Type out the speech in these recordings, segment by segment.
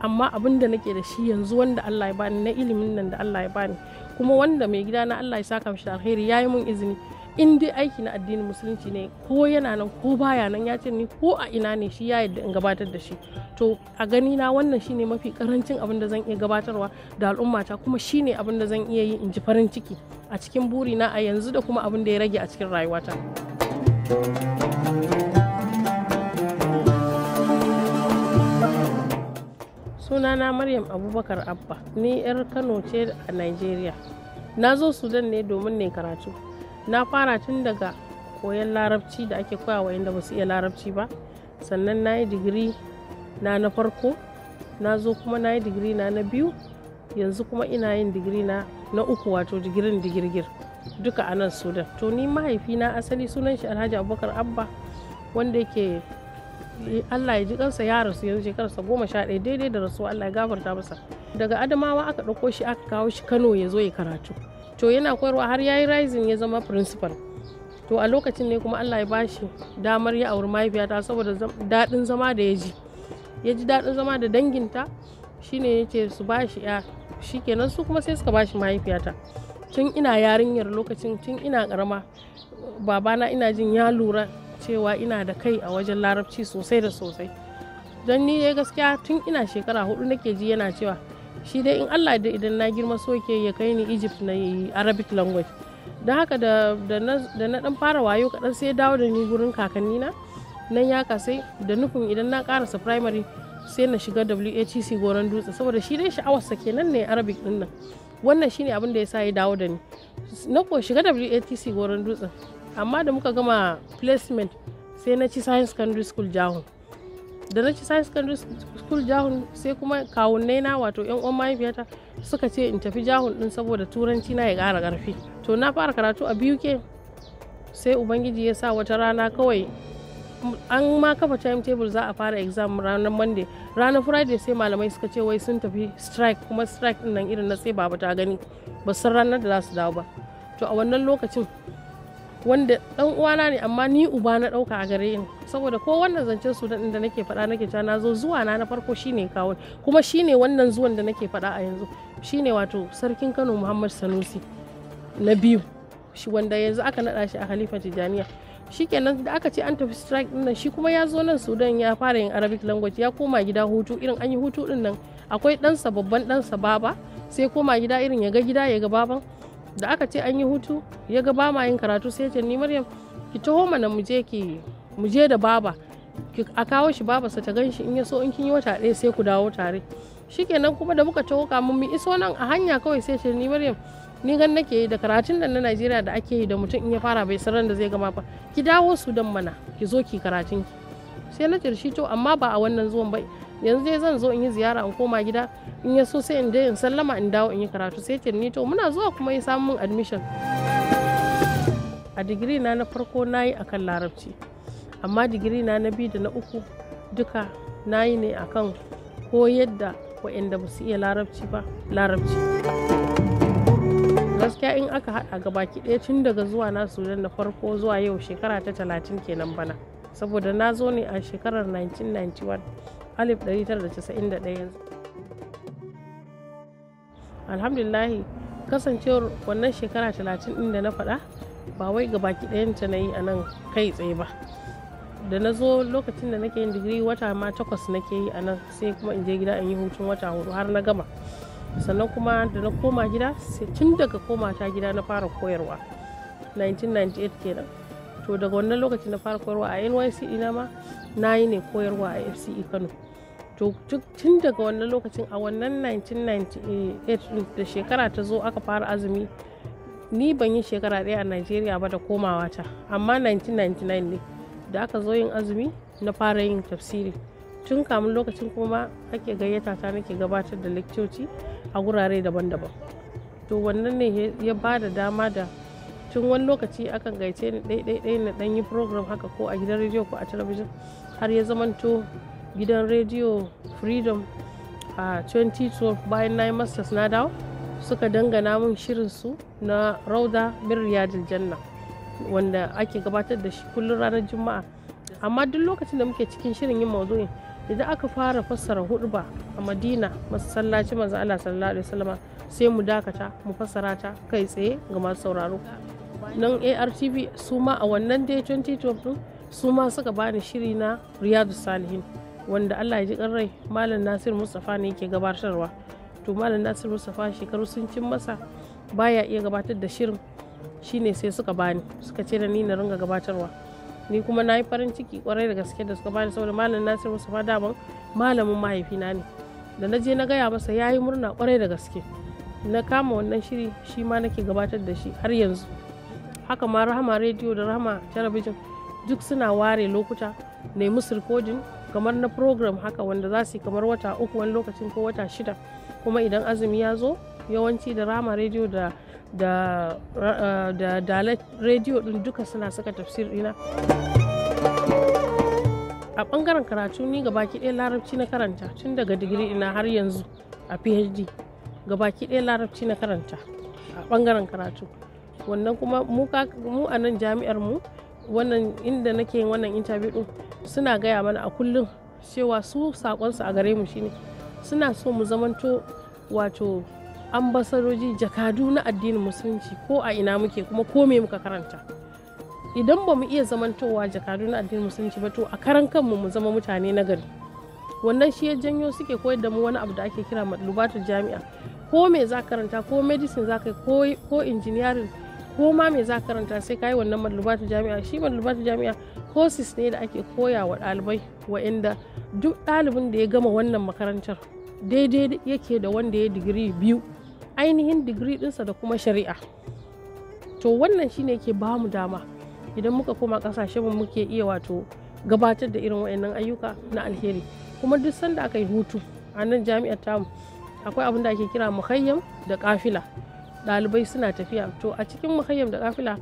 amma abin da nake da shi yanzu wanda Allah ya bani na ilimin nan da Allah ya bani kuma wanda mai gida na Allah ya saka mishi alheri ya yi mun izini in dai aiki na addinin musulunci ne ko yana nan ko baya nan ya ce ni ko a ina ne shi ya yadda in gabatar da shi to a gani na wannan shine mafi karancin abin da zan iya gabatarwa da al'ummata kuma shine abin da zan iya yi in ji farin ciki a cikin buri na a yanzu da kuma abin da ya rage a cikin rayuwata. sunana maryam abubakar abba ni yar kano ce a nigeria na zo sudan ne domin ne karatu na fara tun daga koyon larabci da ake koya wa inda basu iya larabci ba sannan na yi digiri na na farko na zo kuma na yi digiri na na biyu yanzu kuma ina yin digiri na na uku wato digirin digirgir duka a nan sudan to ni mahaifina asali sunan shi alhaji abubakar abba wanda yake Allah ya ji kansa ya rasu yanzu shekararsa goma sha ɗaya daidai da rasu Allah ya gafarta masa daga adamawa aka ɗauko shi aka kawo shi Kano ya zo ya karatu to yana koyarwa har yayi rising ya zama principal to a lokacin ne kuma Allah ya bashi damar ya auri mahaifiyata saboda daɗin zama da ya ji ya ji daɗin zama da danginta shine yake su bashi ya shikenan su kuma sai suka bashi mahaifiyata tun ina yarinyar lokacin tun ina karama babana ina jin ya lura cewa ina da kai a wajen larabci sosai da sosai don ni dai gaskiya tun ina shekara hudu nake ji yana cewa shi dai in allah da idan na girma soke ya kai ni egypt na arabic language don haka da na dan fara wayo kaɗan sai dawo da ni gurin na nan ya kasai da nufin idan na karasa primary sai na shiga whec goron dutse saboda shi dai sha'awarsa kenan ne arabic din nan wannan shine abin da ya sa ya dawo da ni na ko shiga whec goron dutse amma da muka gama placement sai na ci science secondary school jahun da na ci science secondary school jahun sai kuma kawunnai na wato yan uwan mahaifiyata suka ce in tafi jahun din saboda turanci na ya ƙara ƙarfi to na fara karatu a biyu ke sai ubangiji ya sa wata rana kawai an ma kafa timetable za a fara exam ranar monday ranar friday sai malamai suka ce wai sun tafi strike kuma strike din nan irin na sai baba ta gani ba san ranar da za su dawo ba to a wannan lokacin wanda dan uwana ne amma ni uba na dauka a gare ni saboda ko wannan zancen sudan da nake fada nake cewa na zo zuwa na na farko shine kawo kuma shine wannan zuwan da nake faɗa a yanzu shine wato sarkin Kano Muhammad Sanusi na biyu shi wanda yanzu aka naɗa shi a Khalifa Tijaniya shikenan da aka ce an tafi strike din nan shi kuma ya zo nan Sudan ya fara yin Arabic language ya koma gida hutu irin an yi hutu din nan akwai sa babban sa baba sai koma gida irin ya ga gida ya ga baban da aka ce an yi hutu ya ga ba yin karatu sai ce ni maryam ki taho mana mu je ki mu je da baba ki a kawo shi baba sa ta gan shi in ya so in kin yi wata ɗaya sai ku dawo tare shikenan kuma da muka taho kamun mu iso nan a hanya kawai sai ce ni maryam ni gan nake yi da karatun nan na Najeriya da ake yi da mutum in ya fara bai san da zai gama ba ki dawo su dan mana ki zo ki karatun ki sai na ce shi to amma ba a wannan zuwan ba yanzu dai zan zo in yi ziyara in koma gida in ya so sai in dai in sallama in dawo in yi karatu sai ce ni to muna zuwa kuma ya samun admission a digiri na na farko na yi akan larabci amma digiri na na biyu da na uku duka na yi ne akan koyar da waɗanda ba su iya larabci ba larabci gaskiya in aka haɗa ga baki ɗaya tun daga zuwa na sudan na farko zuwa yau shekara ta talatin kenan bana saboda na zo ne a shekarar 1991 1991 alhamdulillahi kasancewar wannan shekara 30 ɗin da na faɗa ba wai ga baki ɗayanta na yi a nan kai tsaye ba da na zo lokacin da nake yin digiri wata ma takwas nake yi a nan sai kuma in je gida in yi hutun wata hudu har na gama sannan kuma da na koma gida sai tun daga koma ta gida na fara koyarwa 1998 kenan to daga wannan lokacin na fara koyarwa a nyc ina e ma na yi ne koyarwa a fce kano to tun daga wannan lokacin a wannan 1998 da shekara ta zo aka fara azumi ni ban yi shekara ɗaya a najeriya ba da komawa ta amma 1999 ne da aka zo yin azumi na fara yin tafsiri tun kamun lokacin kuma ake gayyata ta nake gabatar da lekcoci a gurare daban-daban to wannan ne ya ba da dama da tun wani lokaci akan gaice ni ɗaiɗaiɗai na ɗanyi yi program haka ko a gidan rediyo ko a talabijin har ya zamanto gidan rediyo freedom a 2012 bayan na yi masters na dawo suka dangana min shirin su na rauda min riyadil janna wanda ake gabatar da shi kullum ranar juma'a amma duk lokacin da muke cikin shirin yin maudu'in idan aka fara fassara ba a madina masallaci manzo Allah sallallahu alaihi wasallam sai mu dakata mu fassara ta kai tsaye ga masu sauraro nan ARTV su ma a wannan day 2012 su ma suka bani shiri na Riyadu Salihin wanda allah ya ji rai malam nasir mustapha ne ke gabatarwa to malam nasir mustapha shekaru sun cin masa baya iya gabatar da shirin shine sai suka bani suka ce da ni na ringa gabatarwa ni kuma na yi farin ciki kwarai da gaske da suka bani saboda malam nasir mustapha daman malamin mahaifina ne da na je na gaya masa ya yi murna kwarai da gaske na kama wannan shiri shi ma nake gabatar da shi har yanzu haka ma rahama rediyo da rahama talabijin duk suna ware lokuta na musu rikodin kamar na program haka wanda za su yi kamar wata uku wani lokacin ko wata shida kuma idan azumi ya zo yawanci da rama rediyo da da eh, da dalat rediyo din duka suna saka tafsir dina a bangaren karatu ni gabaki ɗaya larabci na karanta tun daga digiri ina har yanzu a phd gabaki ɗaya larabci na karanta a bangaren karatu wannan kuma mu a nan jami'ar mu wannan inda nake yin wannan interview din suna gaya mana a kullum cewa su sakonsu a gare mu shine suna so mu zamanto wato ambasadoji jakadu na addinin musulunci ko a ina muke kuma ko me muka karanta idan ba mu iya zamantowa jakadu na addinin musulunci ba to a karan kanmu mu zama mutane na gari wannan shi ya janyo suke koyar da mu wani abu da ake kira matlubatul jami'a ko me za karanta ko medicine za ka ko engineering ko ma me za karanta sai ka yi wannan mallubatu jami'a shi mallubatu jami'a courses ne da ake koya wa ɗalibai wa'inda duk ɗalibin da ya gama wannan makarantar daidai yake da wanda ya digiri biyu ainihin digiri ɗinsa da kuma shari'a to wannan shine ke ba mu dama idan muka koma ƙasashen mu muke iya wato gabatar da irin wa'annan ayyuka na alheri kuma duk sanda aka yi hutu a nan jami'ar tamu akwai abin da ake kira muhayyam da kafila dalibai suna tafiya to a cikin muhayyam da kafila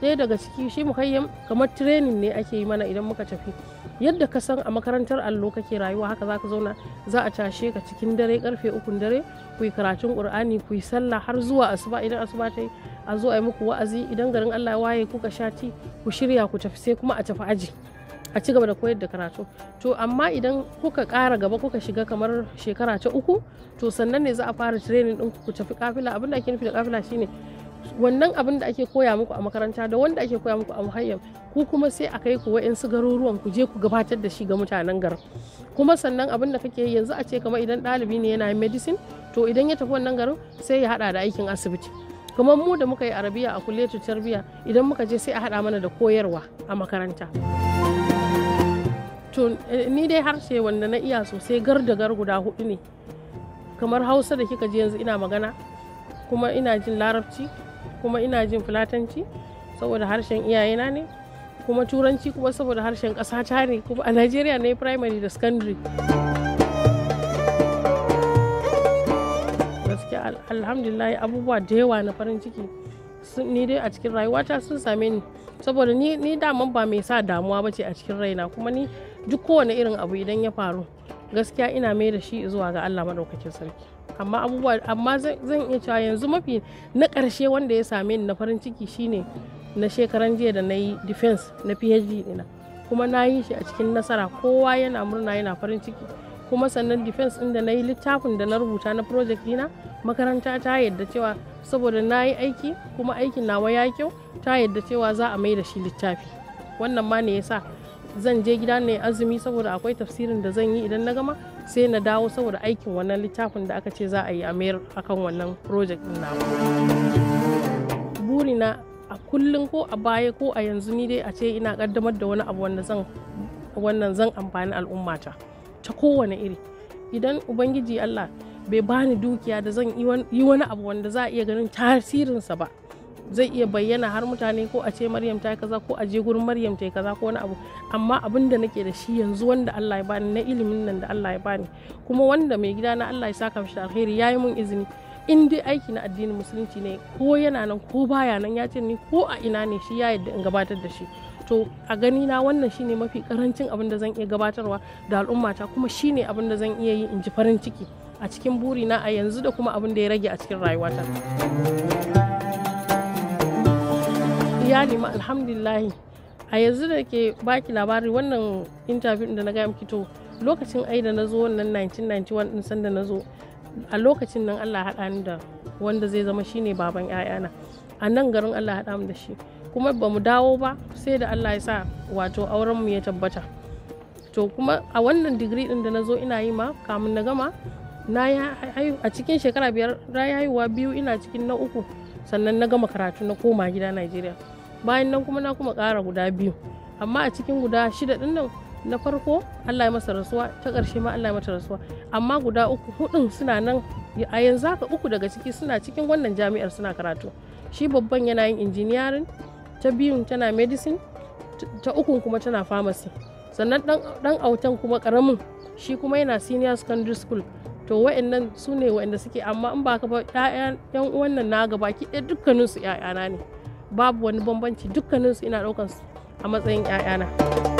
ɗaya daga ciki shi muhayyam kamar training ne ake yi mana idan muka tafi yadda ka san a makarantar allo kake rayuwa haka zaka zauna za a tashe ka cikin dare karfe uku dare ku yi karatun qur'ani ku yi sallah har zuwa asuba idan asuba ta yi a zo a yi muku wa'azi idan garin allah ya waye kuka sha ku shirya ku tafi sai kuma a tafi aji a ci gaba da koyar da karatu to amma idan kuka kara gaba kuka shiga kamar shekara ta uku to sannan ne za a fara training din ku tafi kafila abin da ake nufi da kafila shine wannan abin da ake koya muku a makaranta da wanda ake koya muku a muhayyam ku kuma sai a kai ku wa'insu garuruwan ku je ku gabatar da shi ga mutanen garin kuma sannan abin da kake yanzu a ce kamar idan ɗalibi ne yana medicine to idan ya tafi wannan garin sai ya hada da aikin asibiti kamar mu da muka yi arabiya a kulletu tarbiya idan muka je sai a haɗa mana da koyarwa a makaranta to eh, ni dai harshe wanda na iya sosai gar da gar guda hudu ne kamar hausa da kika ji yanzu ina magana kuma ina jin larabci kuma ina jin fulatanci saboda harshen iyayena ne kuma turanci kuma saboda harshen ƙasata ne kuma a najeriya na yi primary da secondary alhamdulillah abubuwa da yawa na farin ciki ni dai a cikin rayuwata sun same ni saboda ni dama daman ba mai sa damuwa bace a cikin raina kuma ni duk kowane irin abu idan ya faru gaskiya ina mai da shi zuwa ga Allah maɗaukacin sarki amma abubuwa amma zan iya cewa yanzu mafi na ƙarshe wanda ya same ni na farin ciki shine na shekaran jiya da na yi defense na PhD dina kuma na yi shi a cikin nasara kowa yana murna yana farin ciki kuma sannan defense ɗin da na yi littafin da na rubuta na project dina makaranta ta yadda cewa saboda na yi aiki kuma aikin nawa ya kyau ta yadda cewa za a mai da shi littafi wannan ma ne ya sa zan je gida ne azumi saboda akwai tafsirin da zan yi idan na gama sai na dawo saboda aikin wannan littafin da aka ce za a yi a mayar akan wannan project din nawa burina a kullum ko a baya ko a yanzu ni dai a ce ina kaddamar da wani abu wanda wannan zan amfani al'ummata. ta kowane iri idan ubangiji allah bai bani dukiya da zan yi wani abu wanda za a iya ganin tasirinsa ba zai iya bayyana har mutane ko a ce maryam ta kaza ko a je gurin maryam ta kaza ko wani abu amma abin da nake da shi yanzu wanda Allah ya bani na ilimin nan da Allah ya bani kuma wanda mai gida na Allah ya saka mishi alheri yi mun izini in dai aiki na addinin musulunci ne ko yana nan ko baya nan ya ce ni ko a ina ne shi ya yadda in gabatar da shi to a gani na wannan shine mafi karancin abin da zan iya gabatarwa da al'ummata kuma shine abin da zan iya yi in ji farin ciki a cikin burina a yanzu da kuma abin da ya rage a cikin rayuwata ya ma alhamdulillahi a yanzu da ke baki labari wannan interview da na gaya miki to lokacin ai da na wannan 1991 din san na zo a lokacin nan allah ya haɗa ni da wanda zai zama shine baban 'ya'yana a nan garin allah ya haɗa mu da shi kuma ba mu dawo ba sai da allah ya sa wato auren mu ya tabbata to kuma a wannan digiri din da nazo ina yi ma kamun na gama na ya a cikin shekara biyar na haihuwa biyu ina cikin na uku sannan na gama karatu na koma gida najeriya bayan nan kuma na kuma ƙara guda biyu amma a cikin guda shida din nan na farko allah ya masa rasuwa ta karshe ma allah ya mata rasuwa amma guda uku hudun suna nan a yanzu haka uku daga ciki suna cikin wannan jami'ar suna karatu shi babban yana yin injiniyarin ta biyun tana medicine ta ukun kuma tana pharmacy sannan dan autan kuma karamin shi kuma yana senior secondary school to wa'annan su ne wa'anda suke amma in ba ka ba ƴaƴan wannan na gaba ki ɗaya dukkaninsu ƴaƴana ne babu wani bambanci dukkaninsu ina ɗaukansu a matsayin ƴaƴana.